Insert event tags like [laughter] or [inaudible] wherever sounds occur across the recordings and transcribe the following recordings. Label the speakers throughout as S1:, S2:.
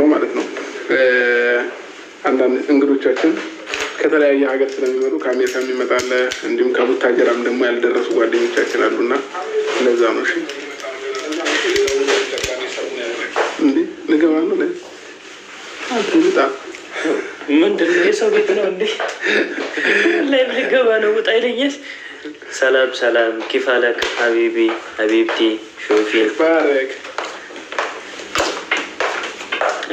S1: ነው ማለት ነው። አንዳንድ እንግዶቻችን ከተለያየ ሀገር ስለሚመጡ ከአሜሪካ የሚመጣለ እንዲሁም ከቡታጀራም ደግሞ ያልደረሱ ጓደኞቻችን አሉ አሉና እነዛ ነው። እሺ
S2: ሰላም ሰላም፣ ኪፋለክ ሀቢቢ ሀቢብቲ ሾፊ
S1: ባረክ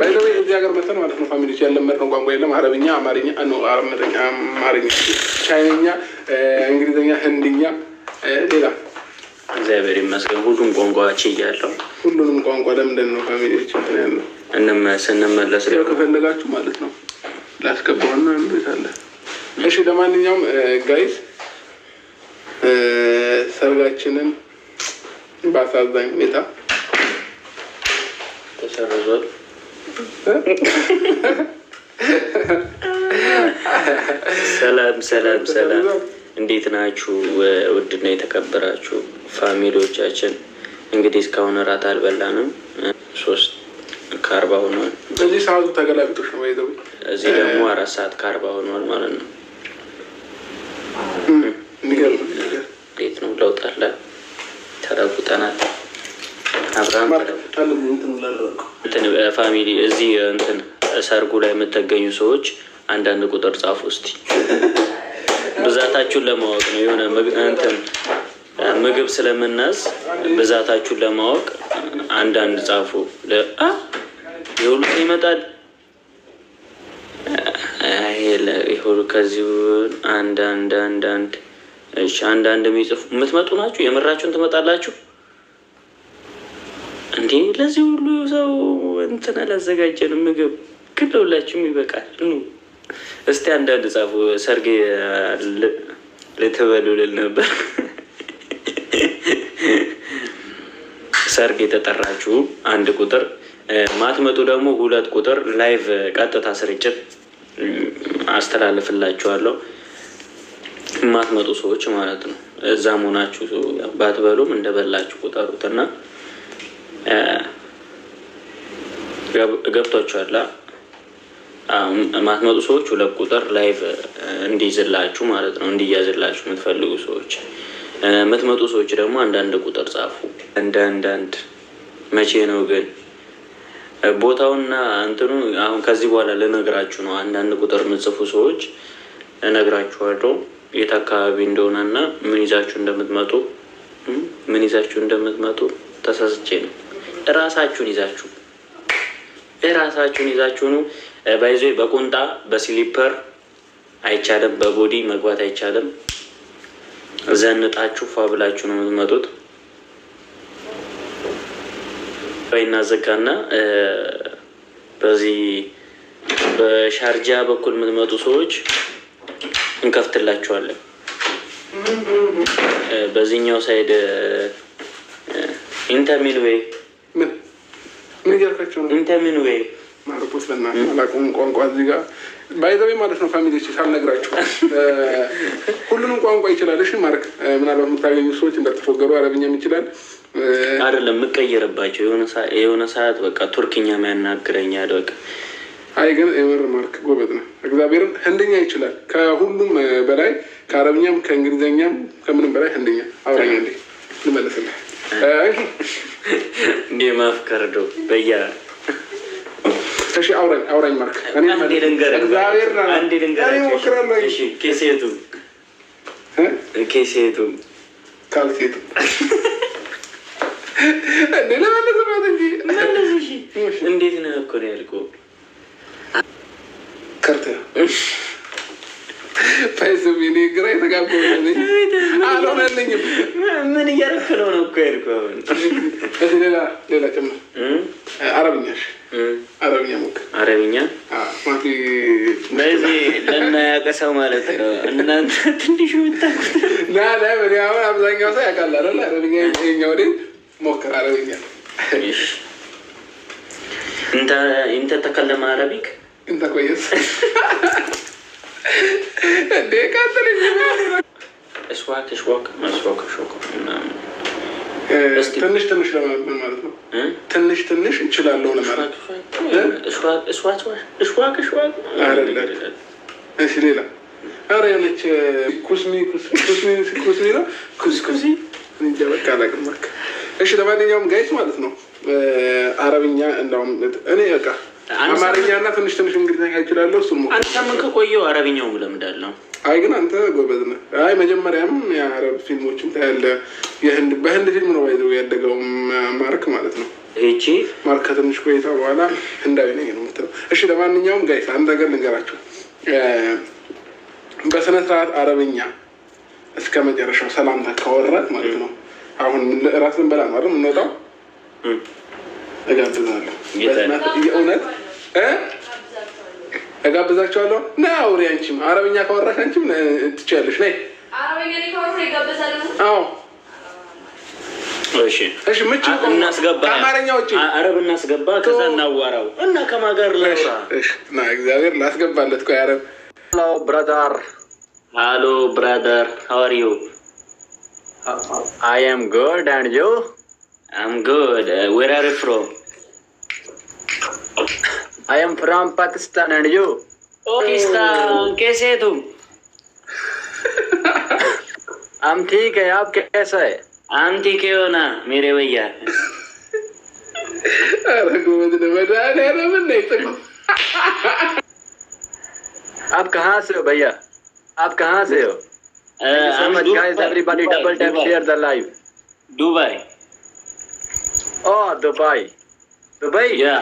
S1: ባይዘዌ እዚህ ሀገር መተን ማለት ነው ፋሚሊዎች ያለመድነው ቋንቋ የለም። አረብኛ፣ አማርኛ፣ አማርኛ፣ ቻይነኛ፣ እንግሊዝኛ፣ ህንድኛ፣ ሌላ
S2: እግዚአብሔር ይመስገን ሁሉም ቋንቋ ችያለሁ።
S1: ሁሉንም ቋንቋ ለምንድን ነው ፋሚሊዎች ያለው
S2: ስንመለስ
S1: ከፈለጋችሁ ማለት ነው ላስገባውና እንታለ። እሺ ለማንኛውም ጋይዝ ሰርጋችንን በአሳዛኝ ሁኔታ
S2: ተሰርዟል። ሰላም ሰላም ሰላም፣ እንዴት ናችሁ? ውድና የተከበራችሁ ፋሚሊዎቻችን እንግዲህ እስካሁን እራት አልበላንም። ሶስት ከአርባ ሆኗል።
S1: እዚህ ሰዓቱ ተገላቢጦች ነው።
S2: እዚህ ደግሞ አራት ሰዓት ከአርባ ሆኗል ማለት ነው። እንዴት ነው ለውጥ አለ? ተለውጠናል። አብርሃም ፋሚሊ እዚህ እንትን ሰርጉ ላይ የምትገኙ ሰዎች አንዳንድ ቁጥር ጻፉ እስቲ፣ ብዛታችሁን ለማወቅ ነው። የሆነ እንትን ምግብ ስለምናዝ ብዛታችሁን ለማወቅ አንዳንድ ጻፉ። የሁሉ ይመጣል ይሁሉ ከዚሁ አንዳንድ አንዳንድ አንዳንድ የሚጽፉ የምትመጡ ናችሁ። የምራችሁን ትመጣላችሁ። እንዴ ለዚህ ሁሉ ሰው እንትን አላዘጋጀንም። ምግብ ግን ለሁላችሁም ይበቃል። እስቲ አንዳንድ ጻፉ። ሰርግ ልትበሉልል ነበር። ሰርግ የተጠራችሁ አንድ ቁጥር ማትመጡ ደግሞ ሁለት ቁጥር ላይቭ ቀጥታ ስርጭት አስተላልፍላችኋለሁ። ማትመጡ ሰዎች ማለት ነው። እዛ መሆናችሁ ባትበሉም እንደበላችሁ ቁጠሩት እና ገብቷችኋል። ማትመጡ ሰዎች ሁለት ቁጥር ላይቭ እንዲይዝላችሁ ማለት ነው፣ እንዲያዝላችሁ የምትፈልጉ ሰዎች። የምትመጡ ሰዎች ደግሞ አንዳንድ ቁጥር ጻፉ። እንደ አንዳንድ መቼ ነው ግን ቦታውና እንትኑ አሁን ከዚህ በኋላ ልነግራችሁ ነው። አንዳንድ ቁጥር የምትጽፉ ሰዎች እነግራችኋለሁ የት አካባቢ እንደሆነና ምን ይዛችሁ እንደምትመጡ ምን ይዛችሁ እንደምትመጡ ተሳስቼ ነው። ራሳችሁን ይዛችሁ ራሳችሁን ይዛችሁ ነው። ባይዞ በቁንጣ በስሊፐር አይቻልም፣ በቦዲ መግባት አይቻልም። ዘንጣችሁ ፏ ብላችሁ ነው የምትመጡት። ወይና ዘጋና በዚህ በሻርጃ በኩል የምትመጡ ሰዎች እንከፍትላችኋለን። በዚህኛው ሳይድ ኢንተርሚል ወይ ነገርካቸው እንተምን ወይ
S1: ማርቆስ በእናትህ አላውቅም ቋንቋ እዚህ ጋር ባይዘቤ ማለት ነው። ፋሚሊ ሳልነግራችሁ [laughs] ሁሉንም ቋንቋ ይችላል። እሺ ማርክ፣ ምናልባት የምታገኙ ሰዎች እንዳትፎገሩ፣ አረብኛም ይችላል
S2: አይደለም የምቀየርባቸው የሆነ ሰዓት በቃ ቱርክኛ የሚያናግረኛ በቃ
S1: አይ ግን የምር ማርክ ጎበዝ ነው። እግዚአብሔርን ህንደኛ ይችላል ከሁሉም በላይ ከአረብኛም ከእንግሊዝኛም ከምንም በላይ ህንደኛ አውራኛ ልመለስልህ
S2: እንዴ በያ
S1: እሺ፣ አውራኝ አውራኝ ማርክ
S2: አንዴ ልንገርህ፣ አንዴ ልንገርህ። እሺ፣ ኬሴቱ ኬሴቱ
S1: ካልሴቱ እንዴ ለመለስበት እንጂ
S2: መለሱ። እንዴት ነህ እኮ ነው ያልኩህ
S1: ከርተ ፈይስም እኔ ግራ የተጋባ አልሆነልኝም።
S2: ምን እያደረክ ነው? ነው እኮ ሄድኩህ።
S1: አሁን ሌላ ሌላ ጭምር አረብኛ አረብኛ ሞክር።
S2: አረብኛ በዚህ ለማያውቅ ሰው ማለት ነው። እናንተ ትንሹ የምታውቁት
S1: ና አሁን አብዛኛው ሰው ያውቃል አይደል? አረብኛ የኛ ወደ ሞክር አረብኛ
S2: እንተ ተከለማ تتكلم
S1: እንተ انت ትንሽ ትንሽ ለማመን ማለት ነው። ትንሽ ትንሽ እችላለሁ ለማለት እሺ። ሌላ ኧረ የሆነች ኩስሚ ኩስሚ ነው ኩስኩዚ እንጃ በቃ አላውቅም። እሺ ለማንኛውም ጋይስ ማለት ነው አረብኛ እንዳውም እኔ በቃ አማርኛና ትንሽ ትንሽ እንግሊዝኛ ይችላለሁ። እሱ
S2: አንድ ሳምንት ከቆየው አረብኛው ለምዳለው።
S1: አይ ግን አንተ ጎበዝ ነህ። አይ መጀመሪያም የአረብ ፊልሞችም ታያለህ። የህንድ በህንድ ፊልም ነው ይዘው ያደገውም ማርክ ማለት ነው። ይቺ ማርክ ከትንሽ ቆይታ በኋላ ህንዳዊ ነኝ ነው የምትለው። እሺ ለማንኛውም ጋይስ አንድ ነገር ልንገራችሁ። በስነ ስርዓት አረብኛ እስከ መጨረሻው ሰላምታ ካወራን ማለት ነው። አሁን ራስን በላ ነው አይደል እጋብዛለሁ የእውነት እጋብዛቸዋለሁ። ና አውሪ። አንቺም አረበኛ ካወራሽ አንቺም ትችያለሽ። ነይ አረብ
S2: እናስገባ፣ ከዛ እናዋራው እና ከማጋር
S1: እግዚአብሔር ላስገባለት ኮ አረብ።
S3: ሎ ብራዳር፣
S2: ሄሎ ብራዳር፣ ሀዋር ዩ
S3: አይ አም ጉድ አንድ ዩ
S2: አም ጉድ ዌር አር ፍሮም
S3: I am from Pakistan and you
S2: Pakistan कैसे तुम [laughs]
S3: हम ठीक है आप कैसा है
S2: हम ठीक है हो ना मेरे भैया तो-
S3: आप कहाँ से हो भैया आप कहाँ से हो दुबई ओ दुबई दुबई
S2: या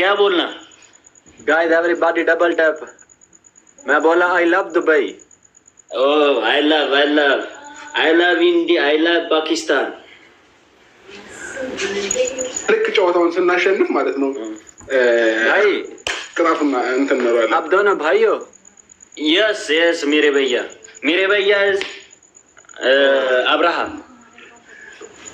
S2: क्या बोलना
S3: गाइस एवरीबॉडी डबल टैप मैं बोला I love Dubai
S2: oh I love I love I love India I love Pakistan
S1: ልክ ጨዋታውን ስናሸንፍ ማለት ነው ቅጣቱ እንትን እንበላለን
S3: አብዶነ ባዮ
S2: የስ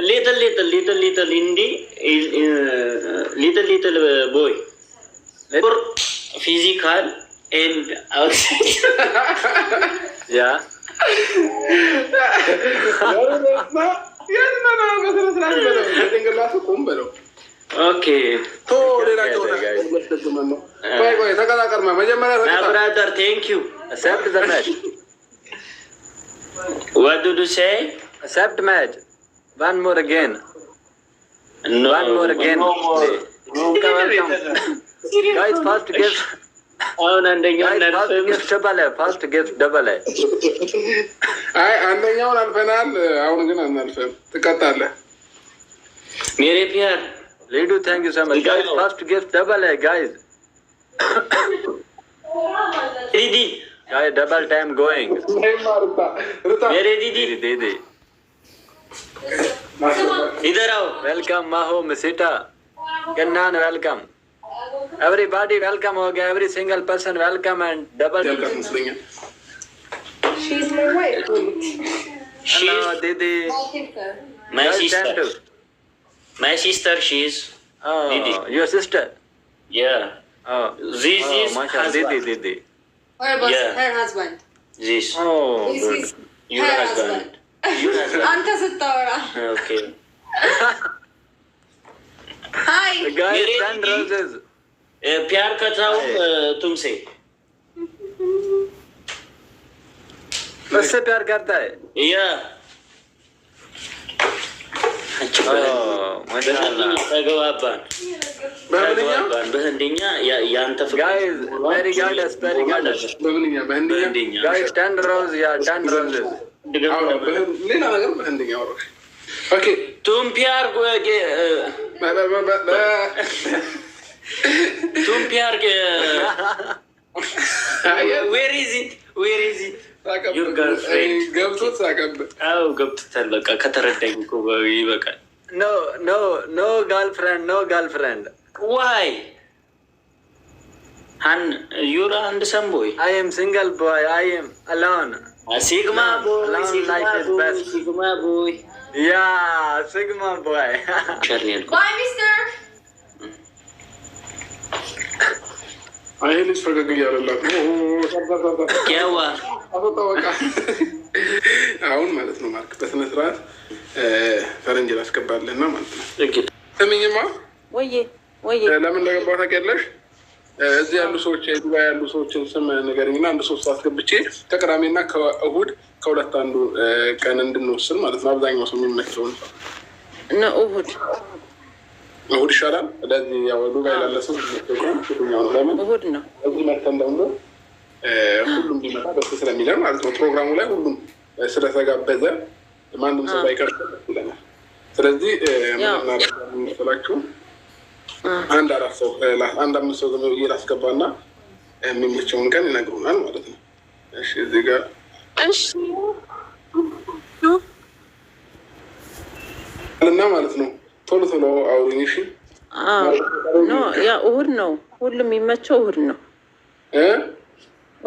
S2: little little little little Indy is uh, little little uh, boy. More physical and outside. [laughs] yeah. ኦኬ
S1: ቶ Okay, ቆይ uh, you መጀመሪያ
S2: ብራደር match. ዩ
S3: ሰብድ ዘመድ ወዱዱ ሴ ሰብድ መድ one more again. No, One more again. No more. come Guys, first give. [laughs] On ending on Guys, first give double A. First give double A.
S1: አይ አንደኛውን አልፈናል። አሁን ግን አናልፈም። ትቀጣለህ።
S2: ሜሪ ፒየር
S3: ሌዱ ታንክ ዩ ሶ ማች ጋይስ ፈርስት ጊፍት ደበል ጋይስ ዲዲ ጋይ ደበል ታይም ጎይንግ ሜሪ ዲዲ ዲዲ इधर आओ welcome माहो मिसिटा गन्नान welcome everybody welcome हो गया every single person welcome and double hello didi
S2: my sister my sister she's
S3: oh didi. your sister
S2: yeah oh this oh, is
S3: husband. didi didi
S4: what about yeah. her husband
S2: this
S3: oh this
S4: is
S2: your husband. husband.
S4: [laughs] አንተ ስታወራ
S2: ፒያር ከታውን ቱምሴ
S3: उससे प्यार करता है या ተግባባን
S2: ተግባባን። በህንድኛ
S3: ያንተ ፍቅር ሌላ
S1: ነገር በህንድኛ አውራ
S2: ቱምፒ አርግ ገብቶት ገብቶታል። በቃ ከተረዳኝ እኮ ይበቃል።
S3: ኖ ኖ ኖ ኖ
S2: ዋይ አንድ ሰምቦይ
S3: አይ ኤም ሲንግል ቦይ አይ ኤም አላውን ሲግማ ቦይ ያ ሲግማ ቦይ
S1: ይሄ ልጅ ፈገግ እያለላት አሁን ማለት ነው። ማርክ በስነ ስርዓት ፈረንጅ ላስገባለና ማለት ነው። እምኝማ
S5: ለምን
S1: እንደገባሁ ታውቂያለሽ? እዚህ ያሉ ሰዎች የዱባይ ያሉ ሰዎችን ስም ንገረኝና አንድ ሶስት ሰዓት ገብቼ ከቅዳሜና ከእሁድ ከሁለት አንዱ ቀን እንድንወስን ማለት ነው። አብዛኛው ሰው የሚመቸውን እና እሁድ እሁድ ይሻላል። ለዚህ ያው ዱባይ ላለ ሰው ነው።
S5: ለምን እሁድ ነው።
S1: እዚህ መተን ደግሞ ሁሉም ቢመጣ ደስ ስለሚለን ማለት ነው። ፕሮግራሙ ላይ ሁሉም ስለተጋበዘ ማንም ሰው ባይቀር ይለናል። ስለዚህ ምናምን ስላችሁ አንድ አራት ሰው አንድ አምስት ሰው እየላስገባ እና የሚመቸውን ቀን ይነግሩናል ማለት ነው። እሺ እዚህ ጋር እና ማለት ነው ቶሎ ቶሎ አውሩኝ። እሺ
S5: ያው እሑድ ነው ሁሉም የሚመቸው እሑድ ነው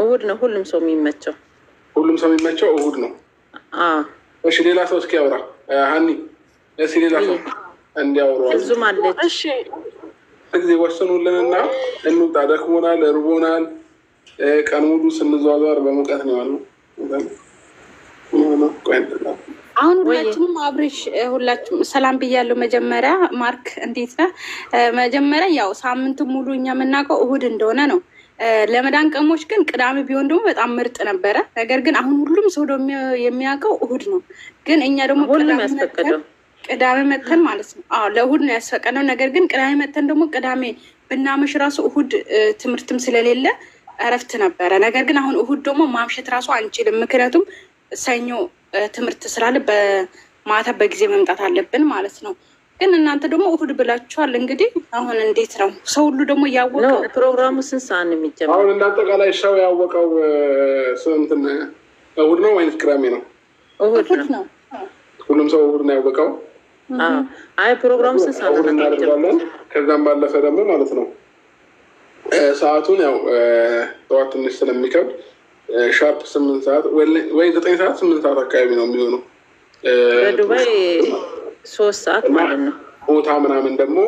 S5: እሑድ ነው ሁሉም ሰው የሚመቸው
S1: ሁሉም ሰው የሚመቸው እሑድ ነው። እሺ ሌላ ሰው እስኪ ያውራ ሀኒ፣ እስኪ ሌላ ሰው እንዲያውሩ
S5: እዙም አለች።
S1: ጊዜ ወሰኑልንና እንውጣ፣ ደክሞናል፣ ርቦናል፣ ቀን ሙሉ ስንዟዟር በሙቀት ነው ያሉ።
S4: አሁን ሁላችሁም አብሬሽ ሁላችሁም ሰላም ብያለሁ። መጀመሪያ ማርክ እንዴት ነህ? መጀመሪያ ያው ሳምንቱ ሙሉ እኛ የምናውቀው እሁድ እንደሆነ ነው። ለመዳን ቀሞች ግን ቅዳሜ ቢሆን ደግሞ በጣም ምርጥ ነበረ። ነገር ግን አሁን ሁሉም ሰው የሚያውቀው እሁድ ነው። ግን እኛ ደግሞ ሁሉም ቅዳሜ መተን ማለት ነው። አዎ ለእሁድ ነው ያስፈቀነው። ነገር ግን ቅዳሜ መተን ደግሞ ቅዳሜ ብናመሽ ራሱ እሁድ ትምህርትም ስለሌለ እረፍት ነበረ። ነገር ግን አሁን እሁድ ደግሞ ማምሸት ራሱ አንችልም፣ ምክንያቱም ሰኞ ትምህርት ስላለ በማታ በጊዜ መምጣት አለብን ማለት ነው። ግን እናንተ ደግሞ እሁድ ብላችኋል። እንግዲህ አሁን እንዴት ነው ሰው ሁሉ ደግሞ እያወቀው
S5: ፕሮግራሙ ስንት ሰዓት ነው የሚጀምረው?
S1: አሁን አጠቃላይ ሰው ያወቀው ስንትን እሁድ ነው ወይም ቅዳሜ ነው? እሁድ ነው። ሁሉም ሰው እሁድ ነው ያወቀው። አይ ፕሮግራም ስንት ከዛም ባለፈ ደግሞ ማለት ነው ሰዓቱን ያው ጠዋት ትንሽ ስለሚከብድ ሻርፕ ስምንት ሰዓት ወይ ዘጠኝ ሰዓት ስምንት ሰዓት አካባቢ ነው የሚሆነው።
S5: በዱባይ ሶስት ሰዓት ማለት
S1: ነው። ቦታ ምናምን ደግሞ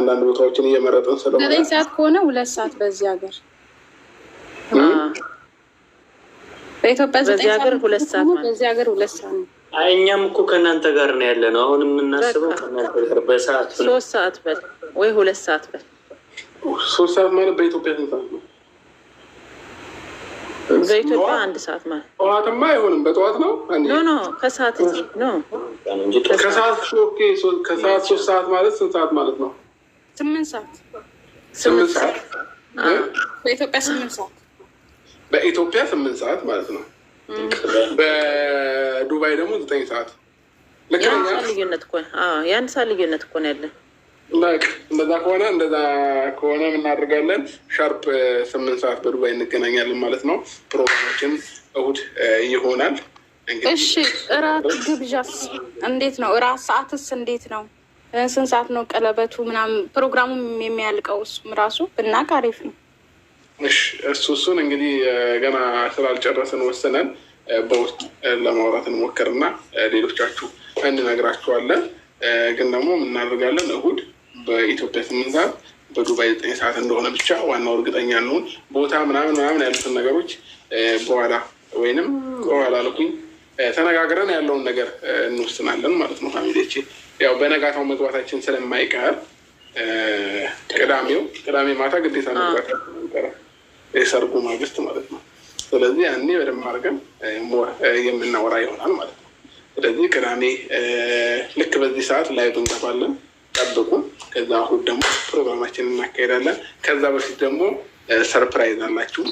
S1: አንዳንድ ቦታዎችን እየመረጥን
S4: ስለሆነ ዘጠኝ ሰዓት ከሆነ ሁለት ሰዓት በዚህ ሀገር
S5: በኢትዮጵያ ዘጠኝ ሰዓት
S4: ሁለት ሰዓት ነው።
S2: አይ እኛም እኮ ከእናንተ ጋር ነው ያለ ነው። አሁን የምናስበው ከእናንተ ጋር በሰዓት
S5: ሶስት ሰዓት በል ወይ ሁለት ሰዓት በል።
S1: ሶስት ሰዓት ማለት በኢትዮጵያ ስንት ሰዓት ነው?
S5: በኢትዮጵያ አንድ ሰዓት ማለት
S1: ጠዋትማ አይሆንም። በጠዋት ነው
S5: ኖ ኖ ከሰዓት ነው
S1: ከሰዓት ከሰዓት ሶስት ሰዓት ማለት ስንት ሰዓት ማለት ነው? ስምንት ሰዓት ስምንት ሰዓት
S4: በኢትዮጵያ ስምንት ሰዓት
S1: በኢትዮጵያ ስምንት ሰዓት ማለት ነው። በዱባይ ደግሞ ዘጠኝ ሰዓት
S5: ልዩነት እኮ የአንድ ሰዓት ልዩነት እኮ ነው ያለን።
S1: እንደዛ ከሆነ እንደዛ ከሆነ እናደርጋለን። ሻርፕ ስምንት ሰዓት በዱባይ እንገናኛለን ማለት ነው። ፕሮግራማችን እሁድ ይሆናል።
S4: እሺ እራት ግብዣስ እንዴት ነው? እራት ሰዓትስ እንዴት ነው? ስንት ሰዓት ነው ቀለበቱ ምናምን ፕሮግራሙም የሚያልቀው? እሱም ራሱ ብናቅ አሪፍ ነው።
S1: እሱ እሱን እንግዲህ ገና ስላልጨረስን ወስነን በውስጥ ለማውራት እንሞክርና ሌሎቻችሁ እንነግራችኋለን። ግን ደግሞ የምናደርጋለን እሁድ በኢትዮጵያ ስምንት ሰዓት በዱባይ ዘጠኝ ሰዓት እንደሆነ ብቻ ዋናው እርግጠኛ እንሆን። ቦታ ምናምን ምናምን ያሉትን ነገሮች በኋላ ወይንም በኋላ ልኩኝ ተነጋግረን ያለውን ነገር እንወስናለን ማለት ነው። ፋሚሊዎች ያው በነጋታው መግባታችን ስለማይቀር ቅዳሜው ቅዳሜ ማታ ግዴታ ነበረ። የሰርጉ ማግስት ማለት ነው። ስለዚህ ያኔ በደንብ አድርገን የምናወራ ይሆናል ማለት ነው። ስለዚህ ቅዳሜ ልክ በዚህ ሰዓት ላይቭ እንገባለን፣ ጠብቁ። ከዛ አሁን ደግሞ ፕሮግራማችን እናካሄዳለን። ከዛ በፊት ደግሞ ሰርፕራይዝ አላችሁ።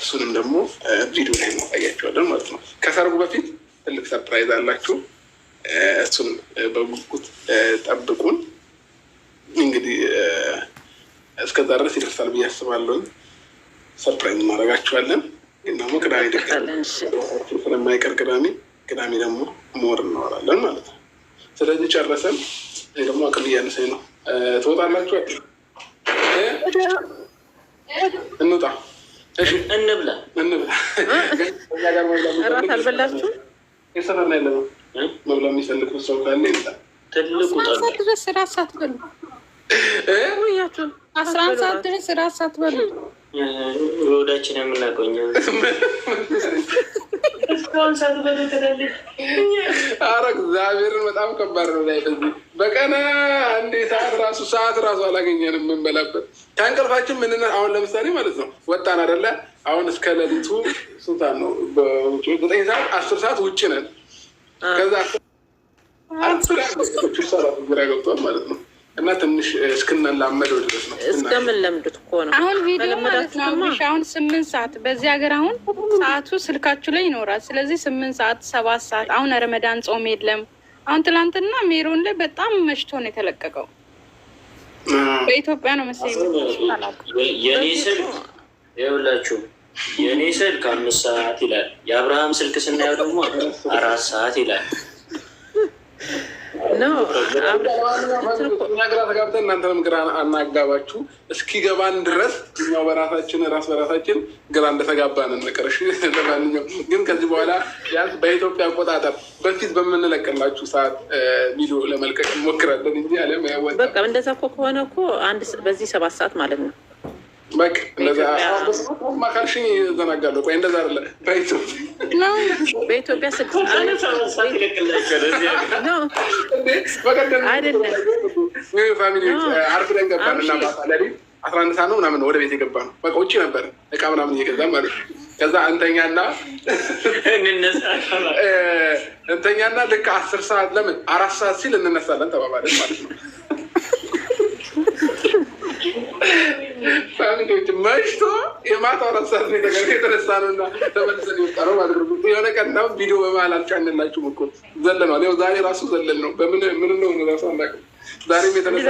S1: እሱንም ደግሞ ቪዲዮ ላይ እናሳያቸዋለን ማለት ነው። ከሰርጉ በፊት ትልቅ ሰርፕራይዝ አላችሁ። እሱን በጉጉት ጠብቁን። እንግዲህ እስከዛ ድረስ ይደርሳል ብዬ አስባለሁ። ሰርፕራይዝ እናደርጋችኋለን። ግን ደግሞ ቅዳሜ ደግሞ ስለማይቀር ቅዳሜ ቅዳሜ ደግሞ ሞር እናወራለን ማለት ነው። ስለዚህ ጨረሰን። ደግሞ አቅል እያነሰኝ ነው። ትወጣላችሁ? እንውጣ፣ እንብላ፣ እንብላ። አልበላችሁም? የሰራና ያለ ነው መብላ የሚፈልግ ሰው ካለ ይላል።
S4: ትልቁ ድረስ ራት ሳትበሉ አስራ አንድ ሰዓት ድረስ ራት ሳትበሉ
S2: ወዳችን የምናቆኘ
S1: አረ እግዚአብሔርን በጣም ከባድ ነው። ላይ በዚህ በቀን አንዴ ሰዓት ራሱ ሰዓት ራሱ አላገኘን የምንበላበት ከእንቅልፋችን ምን አሁን ለምሳሌ ማለት ነው ወጣን አደለ አሁን እስከ ሌሊቱ ስንት ነው? ዘጠኝ ሰዓት አስር ሰዓት ውጭ ነን። ከዛ ገብቷል ማለት ነው እና ትንሽ እስክንላመደው ድረስ
S5: ነው። እስከምንለምዱት እኮ ነው።
S4: አሁን ቪዲዮ ማለት ነው። አሁን ስምንት ሰዓት በዚህ ሀገር አሁን ሰዓቱ ስልካችሁ ላይ ይኖራል። ስለዚህ ስምንት ሰዓት ሰባት ሰዓት አሁን ረመዳን ጾም የለም። አሁን ትላንትና ሜሮን ላይ በጣም መሽቶ ነው የተለቀቀው። በኢትዮጵያ ነው መሰለኝ
S2: የኔ ስልክ ይኸውላችሁ፣ የእኔ ስልክ አምስት ሰዓት ይላል። የአብርሃም ስልክ ስናየው ደግሞ አራት ሰዓት ይላል።
S5: ግራ
S1: ተጋብተን ግራ አናጋባችሁ እስኪገባን ድረስ እኛው በራሳችን ራስ በራሳችን ግራ እንደተጋባን እንቅር። ለማንኛውም ግን ከዚህ በኋላ ቢያንስ በኢትዮጵያ አቆጣጠር በፊት በምንለቅላችሁ ሰዓት ቪዲዮ ለመልቀቅ እንሞክራለን እንጂ
S5: አለ በቃ እንደዛ እኮ ከሆነ እኮ አንድ በዚህ ሰባት ሰዓት ማለት ነው
S1: በቃ እንደዛ ማካልሽ ዘናጋለሁ። ቆይ እንደዛ አለ በኢትዮጵያ አርብ ላይ ገባን እና አስራ አንድ ሰዓት ነው ምናምን ወደ ቤት የገባ ነው። በቃ ውጭ ነበር እቃ ምናምን እየገዛ ማለት ከዛ እንተኛና እንተኛና ልክ አስር ሰዓት ለምን አራት ሰዓት ሲል እንነሳለን ተባባለን ማለት ነው። እንዴት መሽቶ የማታ አራት ሰዓት ነው የተነሳ ነው እና ተመልሰን የወጣ ነው ማለት ነው። የሆነ ቀን እንዳውም ቪዲዮ በመሀል እኮ ያው ዛሬ ራሱ ዘለን ነው በምን ምን ራሱ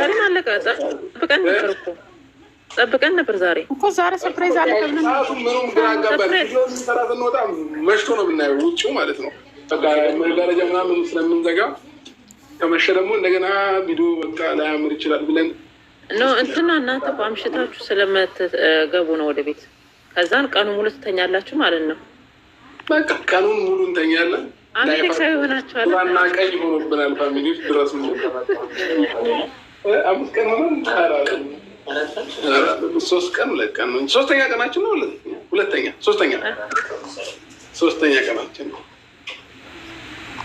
S5: ዛሬም አለቀ። ጠብቀን ነበር እኮ ጠብቀን ነበር ዛሬ
S4: እኮ ዛሬ ሰርፕራይዝ አለ
S1: ምኑም ግራ ስንወጣ መሽቶ ነው የምናየው ውጭው ማለት ነው። ደረጃ ምናምን ስለምንዘጋ ከመሸ ደግሞ እንደገና ቪዲዮ በቃ ላያምር ይችላል ብለን
S5: ነው እንትና እናንተ አምሽታችሁ ስለምትገቡ ነው ወደ ቤት። ከዛን ቀኑ ሙሉ ትተኛላችሁ ማለት ነው።
S1: በቃ ቀኑን ሙሉ እንተኛለን።
S5: አሜሪካዊ ይሆናችኋል።
S1: ዋና ቀይ ሆኖብናል። ፋሚሊ ድረስ አምስት ቀን ሆነ ሶስት ቀን ሁለት ለቀን ሶስተኛ ቀናችን ነው። ሁለተኛ ሶስተኛ ሶስተኛ ቀናችን ነው።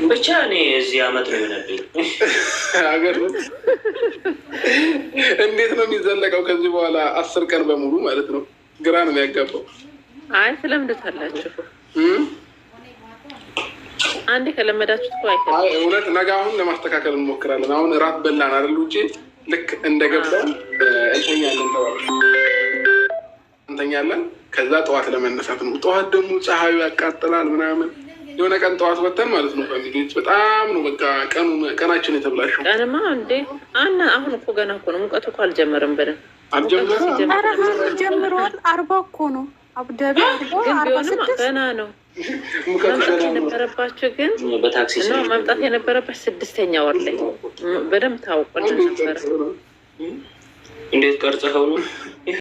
S2: ብቻ እኔ እዚህ አመት ነው የሆነብኝ።
S1: እንዴት ነው የሚዘለቀው? ከዚህ በኋላ አስር ቀን በሙሉ ማለት ነው። ግራ ነው የሚያጋባው።
S5: አይ ስለምድታላችሁ አንዴ ከለመዳችሁት እኮ
S1: እውነት ነገ አሁን ለማስተካከል እንሞክራለን። አሁን ራት በላን አይደል? ውጭ ልክ እንደገባን እንተኛለን እንተኛለን ከዛ ጠዋት ለመነሳት ነው። ጠዋት ደግሞ ፀሐዩ ያቃጥላል ምናምን የሆነ ቀን ጠዋት ወተን ማለት ነው ፋሚሊዎች በጣም ነው በቃ ቀኑ ቀናችን የተብላሸው።
S5: ቀንማ እንዴ አና አሁን እኮ ገና እኮ ነው ሙቀቱ እኮ አልጀመረም። በደን
S4: አልጀመረም ጀምሯል። አርባ እኮ ነው አብደቢ
S5: ገና ነው መምጣት የነበረባቸው ግን እና መምጣት የነበረበት ስድስተኛ ወር ላይ በደንብ ታውቋል ነበረ።
S2: እንዴት ቀርጽኸው ነው